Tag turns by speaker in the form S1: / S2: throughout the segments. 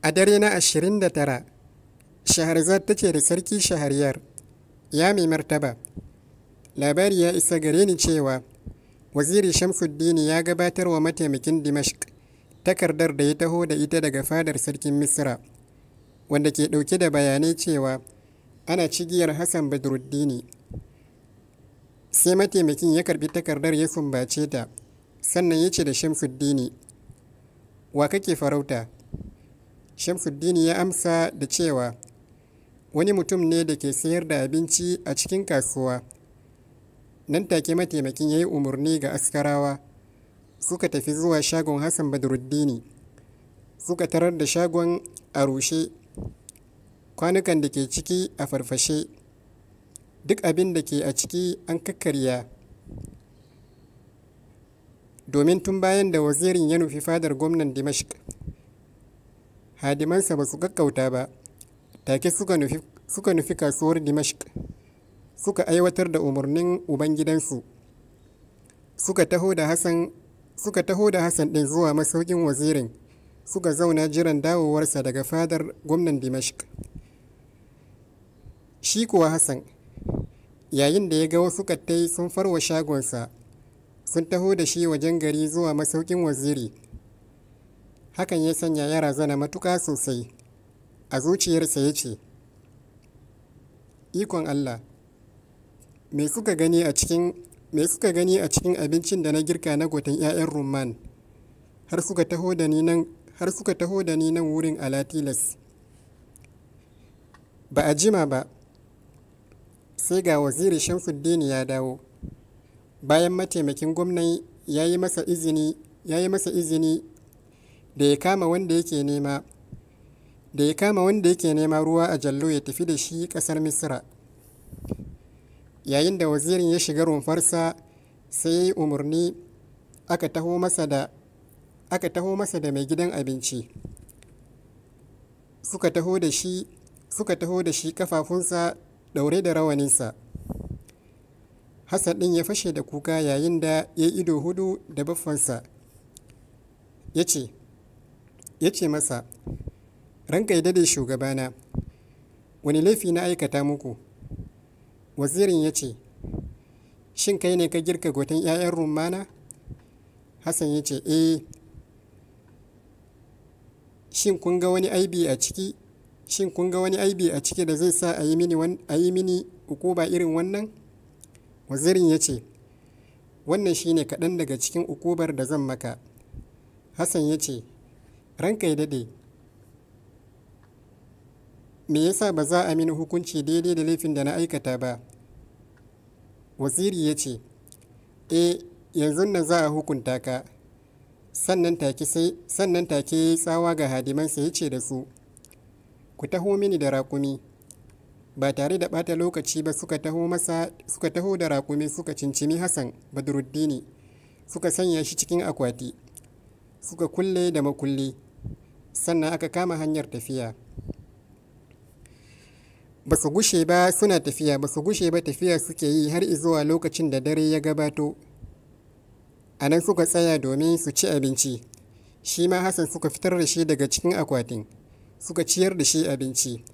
S1: A dare na 29, Shaharzad ta ce da sarki Shahariyar, ya mai martaba, labari ya isa gare ni cewa waziri Shamsuddini ya gabatar wa mataimakin Dimashq takardar da ya taho da ita daga fadar sarkin Misra, wanda ke ɗauke da bayanai cewa ana cigiyar Hassan Badruddini. Sai mataimakin ya karbi takardar ya sumbace ta, sannan ya ce da Shamsuddini, wa kake farauta? Shamsuddin ya amsa da cewa wani mutum ne da ke sayar da abinci a cikin kasuwa. Nan take mataimakin ya yi umarni ga askarawa suka tafi zuwa shagon Hassan Badruddini suka tarar da shagon a rushe kwanukan da ke ciki a farfashe duk abin da ke a ciki an kakkarya domin tun bayan da wazirin ya nufi fadar gwamnan Dimashik. hadimansa ba su kakkauta ba take suka nufi kasuwar dimashik suka aiwatar da umarnin ubangidansu suka taho da hassan ɗin zuwa masaukin wazirin suka zauna jiran dawowarsa daga fadar gwamnan dimashik shi kuwa hassan yayin da ya ga wasu kattai sun farwa shagonsa sun taho da shi wajen gari zuwa masaukin waziri hakan ya sanya ya razana matuka sosai a zuciyarsa ya ce ikon allah me suka gani a cikin abincin da na girka na gotan 'ya'yan rumman har suka taho da ni nan wurin alatilas ba a jima ba sai ga waziri shamsuddini ya dawo bayan mataimakin gwamnan ya ya yi masa izini da ya kama wanda yake nema da ya kama wanda yake nema ruwa a jallo ya tafi da shi ƙasar Misira. yayin da wazirin ya shiga rumfarsa sai ya yi umarni aka taho masa da mai gidan abinci suka taho da shi suka taho da shi kafafunsa daure da rawaninsa hassan ɗin ya fashe da kuka yayin da ya ido hudu da baffansa ya ce ya ce masa ranka ya dade shugabana wani laifi na aikata muku wazirin ya ce shin kai ne ka girka goton 'ya'yan rumana hassan ya ce eh shin kun ga wani aibi a ciki shin kun ga wani aibi a ciki da zai sa a yi mini ukuba irin wannan wazirin ya ce wannan shine kaɗan daga cikin ukubar da zan maka hassan ya ce ranka ya daɗe me yasa ba za a mini hukunci daidai da laifin da na aikata ba Waziri ya ce e eh, yanzu nan za a hukunta ka sannan take ya yi tsawa ga hadimansa ya ce da su ku taho mini da rakumi ba tare da ɓata lokaci ba suka taho masa suka taho da rakumi suka cincimi hassan badruddini suka sanya shi cikin akwati suka kulle da makulli sannan aka kama hanyar tafiya ba su gushe ba suna tafiya ba su gushe ba tafiya suke yi har izuwa lokacin da dare ya gabato a nan suka tsaya domin su ci abinci shi ma hassan suka fitar da shi daga cikin akwatin suka ciyar da shi abinci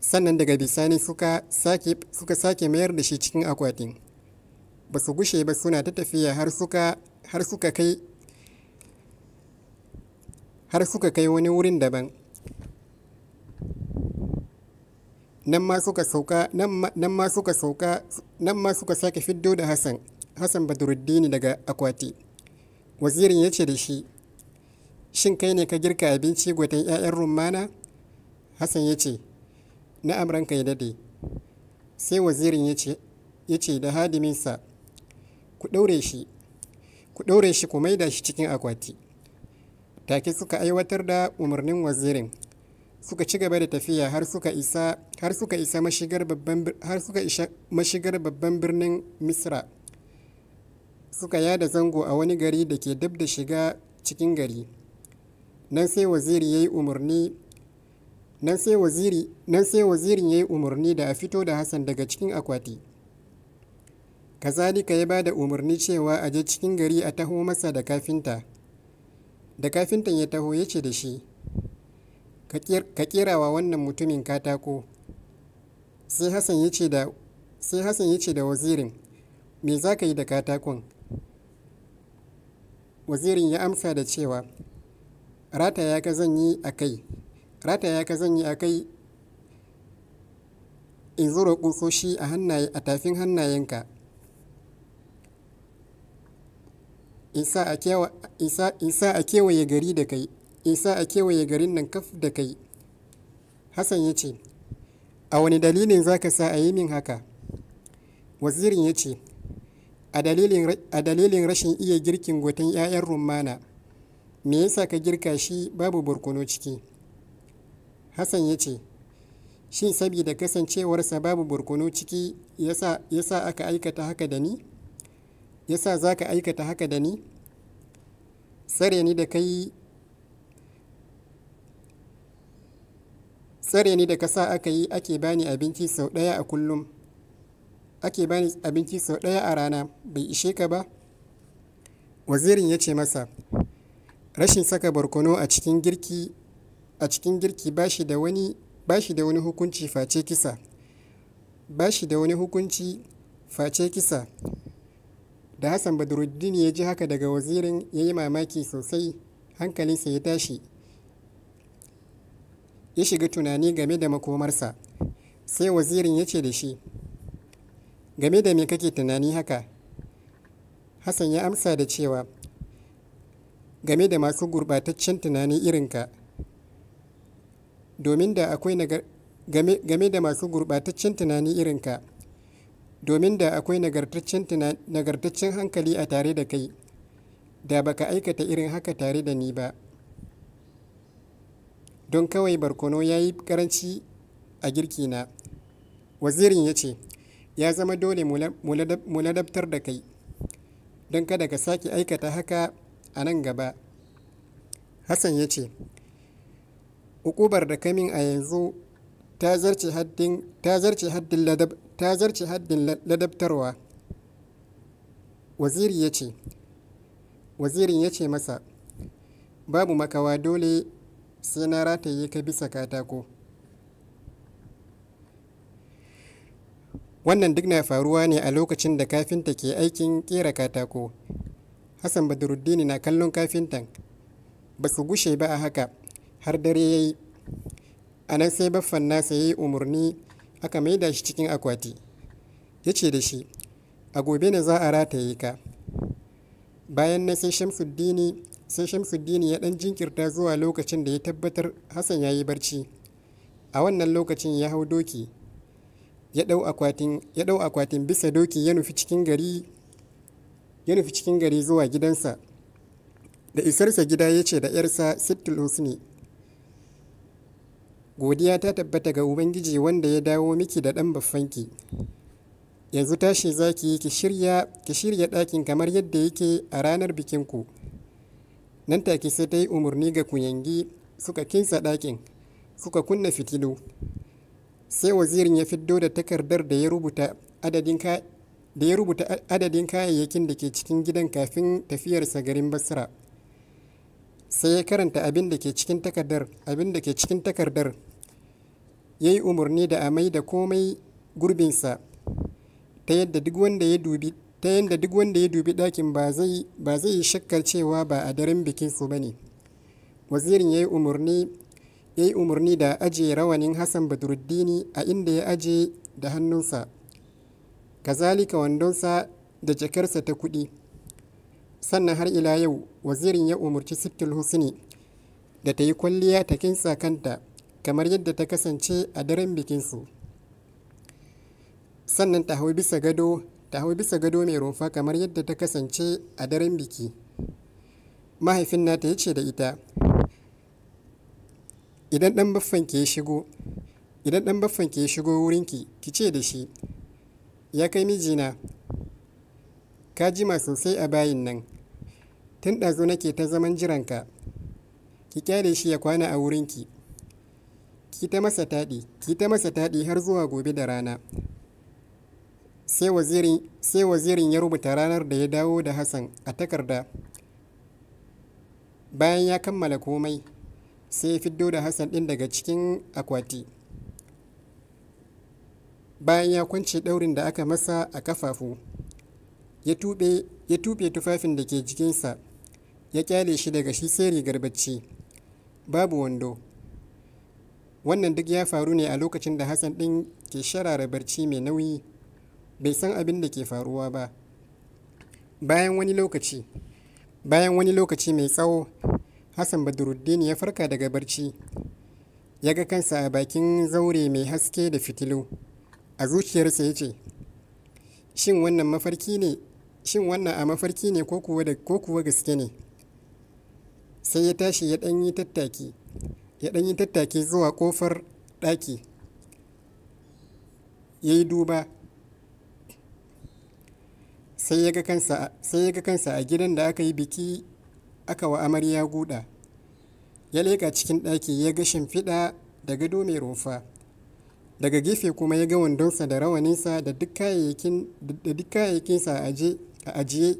S1: sannan daga bisani suka sake, suka sake mayar da shi cikin akwatin ba su gushe ba suna ta tafiya har suka kai har suka kai wani wurin daban nan ma suka sauka nan ma suka sauka nan ma suka sake fiddo da hassan hassan badruddini daga akwati wazirin ya ce da shi shin kai ne ka girka abinci gwatan 'ya'yan rumana hassan ya ce na amranka ya dade sai wazirin ya ce da hadiminsa ku ɗaure shi ku ɗaure shi ku maida shi cikin akwati take suka aiwatar da umarnin wazirin suka ci gaba da tafiya har suka isa mashigar babban birnin misra suka yada zango a wani gari da ke dab da shiga cikin gari nan sai waziri yayi umarni sai wazirin yayi umarni da a fito da Hassan daga cikin akwati kazalika ya bada umarni cewa a je cikin gari a taho masa da kafinta da kafintan ya taho ya ce da shi ka kera wa wannan mutumin katako sai hassan ya ce da wazirin me za ka yi da katakon wazirin ya amsa da cewa rata ya ka zan yi a kai rata ya ka zan yi a kai in zura kusoshi a tafin hannayenka isa a kewaye gari da kai isa a kewaye garin nan kaf da kai hassan ya ce a wani dalilin za ka sa a yi min haka wazirin ya ce a dalilin rashin iya girkin goton 'ya'yan rumana me yasa ka girka shi babu barkono ciki hassan ya ce shin sabida kasancewarsa babu barkono ciki yasa aka aikata haka da ni yasa za ka aikata haka da ni tsare ni da kai tsare ni da ka sa aka yi ake bani abinci sau ɗaya a kullum ake bani abinci sau ɗaya a rana bai ishe ka ba wazirin ya ce masa rashin saka barkono a cikin girki a cikin girki bashi da wani bashi da wani hukunci face kisa bashi da wani hukunci face kisa da hassan badruddin ya ji haka daga wazirin ya yi mamaki sosai hankalinsa ya tashi ya shiga tunani game da makomarsa sai wazirin ya ce da shi game da me kake tunani haka hassan ya amsa da cewa game da masu gurbataccen tunani irinka domin da akwai game da masu gurɓataccen tunani irinka domin da akwai nagartaccen hankali a tare da kai da baka aikata irin haka tare da ni ba don kawai barkono ya yi karanci a girkina. wazirin ya ce ya zama dole mu ladabtar da kai don kada ka sake aikata haka a nan gaba hassan ya ce ukubar da kamin a yanzu ta zarce haddin ta zarce haddin ladabtarwa waziri ya ce wazirin ya ce masa babu makawa dole sai na rataye ka bisa katako wannan duk na faruwa ne a lokacin da kafinta ke aikin kera katako hassan badruddini na kallon kafintan ba su gushe ba a haka har dare ya yi a nan sai baffan nasa ya yi umarni aka maida shi cikin akwati ya ce da shi a gobe ne za a rataye ka bayan na sai shamsuddini sai shamsuddini ya dan jinkirta zuwa lokacin da ya tabbatar hassan ya yi barci a wannan lokacin ya hau doki ya dau akwatin bisa doki ya nufi cikin gari nufi cikin gari zuwa gidansa da isarsa gida ya ce da 'yarsa sittul husni godiya ta tabbata ga ubangiji wanda ya dawo miki da ɗan baffanki yanzu tashi za ki yi ki shirya ɗakin kamar yadda yake a ranar bikinku nan take sai ta yi umarni ga kuyangi suka kinsa ɗakin suka kunna fitilu sai wazirin ya fiddo da takardar da ya rubuta adadin kayayyakin da ke cikin gidan kafin tafiyarsa garin basra sai ya karanta abin da ke cikin takardar ya yi umarni da a mai da komai gurbinsa ta yadda duk wanda ya dubi ta yadda duk wanda ya dubi ɗakin ba zai yi shakkar cewa ba a daren bikinsu ba ne wazirin ya yi umarni ya yi umarni da ajiye rawanin hassan badruddini a inda ya aje da hannunsa kazalika wandonsa da jakarsa ta kuɗi sannan har ila yau wazirin ya umarci siftul husni da ta yi kwalliya ta kinsa kanta kamar yadda ta kasance a daren bikinsu sannan ta hau bisa gado ta bisa gado mai rumfa kamar yadda ta kasance a daren biki mahaifin nata ya ce da ita idan ɗan baffan ke shigo idan dan baffan ke shigo wurinki ki ce da shi ya kai mijina ka jima sosai a bayin nan tun ɗazu nake ta zaman jiranka ki kyale shi ya kwana a wurinki ki ta masa taɗi ki ta masa taɗi har zuwa gobe da rana sai wazirin ya rubuta ranar da ya dawo da hassan a takarda bayan ya kammala komai sai ya fiddo da hassan ɗin daga cikin akwati bayan ya kwance ɗaurin da aka masa a kafafu ya tuɓe tufafin da ke jikinsa ya kyale shi daga shi sai rigar bacci babu wando wannan duk ya faru ne a lokacin da hassan din ke sharara barci mai nauyi bai san abin da ke faruwa ba bayan wani lokaci bayan wani lokaci mai tsawo hassan badruddin ya farka daga barci ya ga kansa a bakin zaure mai haske da fitilu a zuciyarsa ya ce shin wannan mafarki ne shin wannan a mafarki ne ko kuwa gaske ne sai ya tashi ya ɗan yi tattaki ya ɗan yi tattaki zuwa ƙofar ɗaki ya yi duba sai ya ga kansa a gidan da aka yi biki aka wa amarya guda ya leka cikin ɗaki ya ga shimfiɗa da gado mai rufa daga gefe kuma ya ga wandonsa da rawaninsa da duk kayayyakinsa a ajiye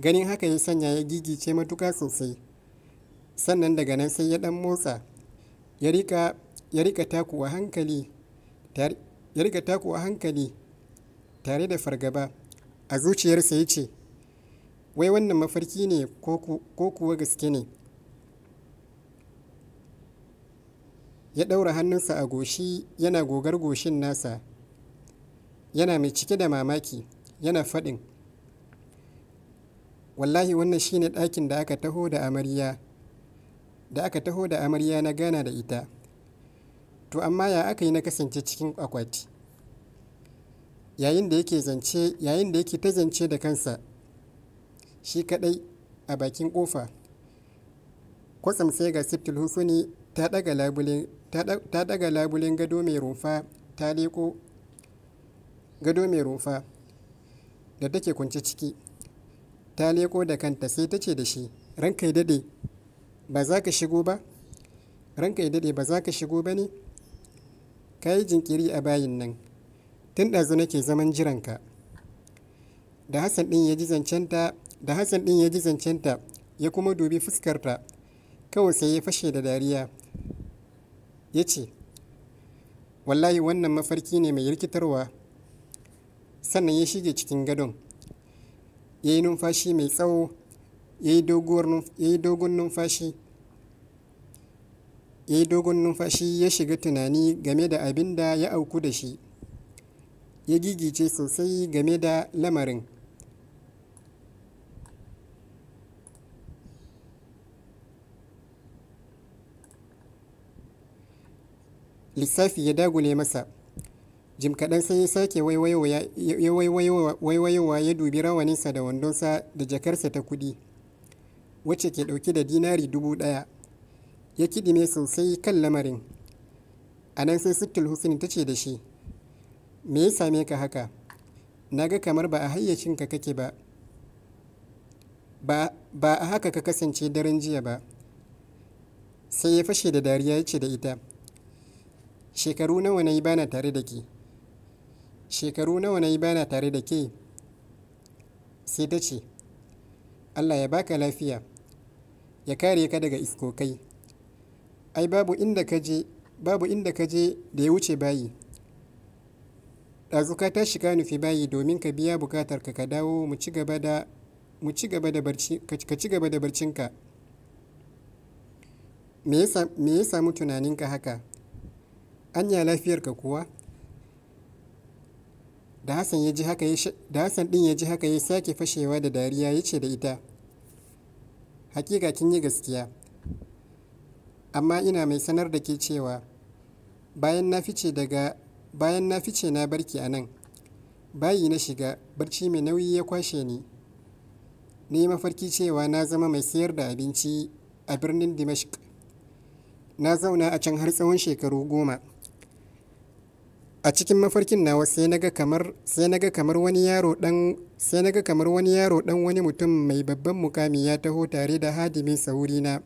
S1: ganin haka ya sanya ya gigice matuka sosai sannan daga nan sai ya ɗan motsa ya rika takuwa hankali hankali tare da fargaba a zuciyarsa ya ce wai wannan mafarki ne ko kuwa gaske ne ya ɗaura hannunsa a goshi yana gogar goshin nasa yana mai cike da mamaki yana faɗin wallahi wannan shine ɗakin da aka taho da amarya da aka taho da amarya na gana da ita to amma ya aka yi na kasance cikin akwati yayin da yake zance ta zance da kansa shi kadai a bakin kofa kwatsam sai ga siftul husuni ta daga labulen gado mai rumfa ta leko gado mai rumfa da take kunce ciki ta leko da kanta sai ta ce da shi ranka ya dade ba za ka shigo ba ranka ya daɗe ba za ka shigo ba ne ka yi jinkiri a bayin nan tun ɗazu nake zaman jiranka da hassan ɗin ya ji zancenta da hassan ɗin ya ji zancenta ya kuma dubi fuskarta kawai sai ya fashe da dariya ya ce wallahi wannan mafarki ne mai rikitarwa sannan ya shige cikin gadon ya yi numfashi mai tsawo ya yi dogon numfashi ya shiga tunani game da abin da ya auku da shi ya gigice sosai game da lamarin lissafi ya dagule masa jim kaɗan sai ya sake waiwaiwa ya dubi rawaninsa da wandonsa da jakarsa ta kudi wacce ke ɗauke da dinari dubu ɗaya ya kiɗime sosai kan lamarin a nan sai sittul husni ta ce da shi me ya same ka haka na ga kamar ba a hayyacinka kake ba ba a haka ka kasance daren jiya ba sai ya fashe da dariya ya ce da ita shekaru nawa na yi bana tare da ke shekaru nawa na yi bana tare da ke sai ta ce Allah ya baka lafiya ya kare ka daga iskokai ai babu inda ka je babu inda ka je da ya wuce bayi ɗazu ka tashi ka nufi bayi domin ka biya bukatar ka ka dawo mu ci gaba da mu ci gaba da barci ka ci gaba da barcinka me ya samu tunaninka haka anya lafiyar ka kuwa da hassan din ya ji haka ya sake fashewa da dariya ya ce da ita hakika kin yi gaskiya amma ina mai sanar da ke cewa bayan na fice na barki a nan bayi na shiga barci mai nauyi ya kwashe ni Ni mafarki cewa na zama mai sayar da abinci a birnin dimashq na zauna a can har tsawon shekaru goma a cikin mafarkin nawa sai naga kamar sai naga kamar wani yaro dan sai naga kamar wani yaro dan wani mutum mai babban mukami ya taho tare da hadimin sauri na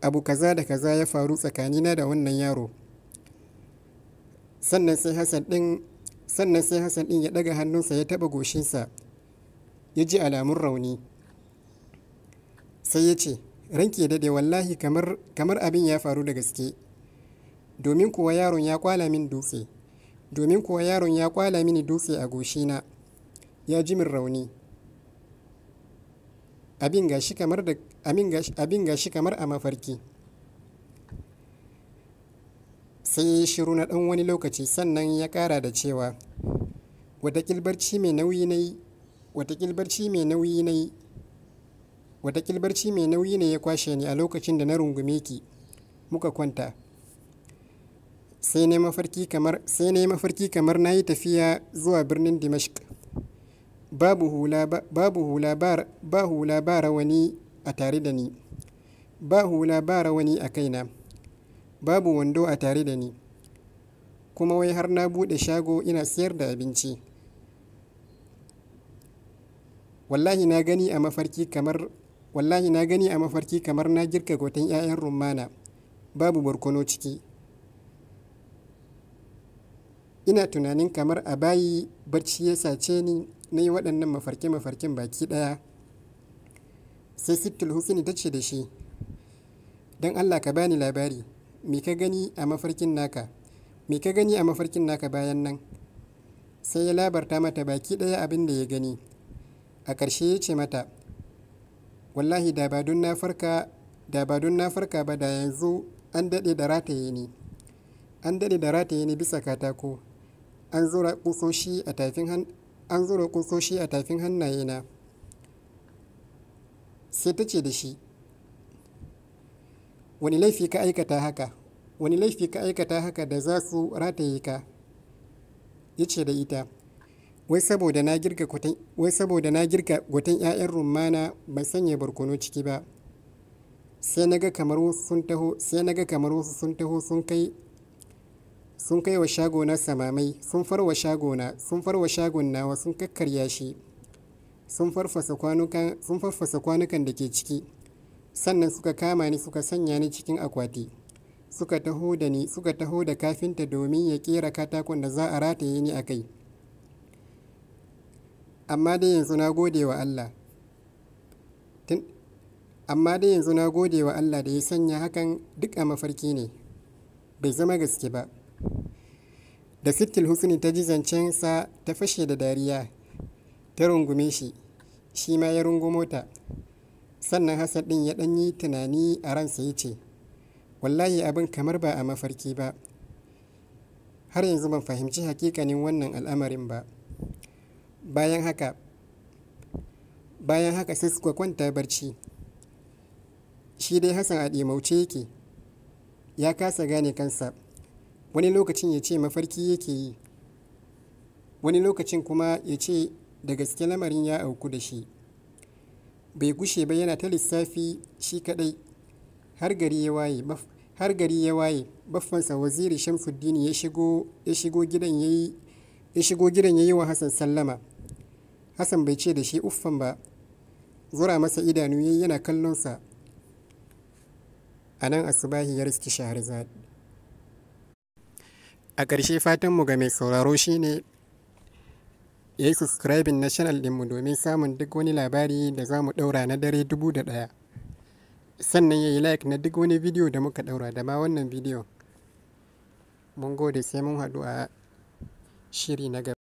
S1: abu kaza da kaza ya faru tsakanina da wannan yaro sannan sai hasan din sannan sai hassan din ya daga hannunsa ya taba goshinsa ya ji alamun rauni sai ya ce ranke dade wallahi kamar abin ya faru da gaske domin kuwa yaron ya kwala min dutse domin kuwa yaron ya kwala mini dutse a goshina ya ji min rauni abin ga shi kamar a mafarki sai ya shiru na ɗan wani lokaci sannan ya ƙara da cewa wata mai nauyi na mai nauyi ne ya kwashe ni a lokacin da na rungume ki muka kwanta sai ne mafarki kamar na yi tafiya zuwa birnin dimashq babu hula ba hula ba rawani a tare da ni ba hula ba rawani a kaina babu wando a tare da ni kuma wai har na buɗe shago ina siyar da abinci wallahi na gani a mafarki kamar na gani a mafarki kamar na girka goton 'ya'yan rumana babu barkono ciki ina tunanin kamar a bayi barci ya sace ni na yi waɗannan mafarke-mafarken baki ɗaya sai sittul husini ta ce da shi don allah ka bani labari me ka gani a mafarkin naka me ka gani a mafarkin naka bayan nan sai ya labarta mata baki ɗaya abin da ya gani a ƙarshe ya ce mata wallahi da ba don na farka ba da yanzu an daɗe da rataye ni an daɗe da rataye ni bisa katako an zura kusoshi a tafin hannayena sai ta ce da shi wani laifi ka aikata haka wani laifi ka aikata haka da za su rataye ka ya ce da ita wai saboda na girka gwatan 'ya'yan rumana ban sanya barkono ciki ba sai na ga kamar wasu sun taho sun kai sun kai wa shagona samamai sun farwa shagona sun farwa shagon nawa sun kakkarya shi sun farfasa kwanukan da ke ciki sannan suka kama ni suka sanya ni cikin akwati suka taho da ni suka taho da kafinta domin ya kera katakon da za a rataye ni a kai amma dai yanzu na amma dai yanzu na gode wa Allah da ya sanya hakan duk a mafarki ne bai zama gaske ba da sittil husni ta ji zancen sa ta fashe da dariya ta rungume shi shi ma ya rungumo ta sannan hassan din ya ɗanyi tunani a ransa ya ce wallahi abin kamar ba a mafarki ba har yanzu ban fahimci hakikanin wannan al'amarin ba bayan haka bayan haka sai suka kwanta barci shi dai hassan a ɗimauce yake ya kasa gane kansa wani lokacin ya ce mafarki yake yi wani lokacin kuma ya ce da gaske lamarin ya auku da shi bai gushe ba yana ta lissafi shi kadai har gari ya waye baffansa waziri shamsuddin ya shigo gidan ya yi wa hassan sallama hassan bai ce da shi uffan ba zura masa idanu yayi yana kallonsa a nan asubahi ya riski shahrazad a ƙarshe fatanmu ga mai sauraro shine ya yi subscribe na channel dinmu domin samun duk wani labari da za mu ɗaura na dare dubu da ɗaya sannan ya yi like na duk wani bidiyo da muka ɗaura da ma wannan bidiyon mun gode sai mun haɗu a shiri na gaba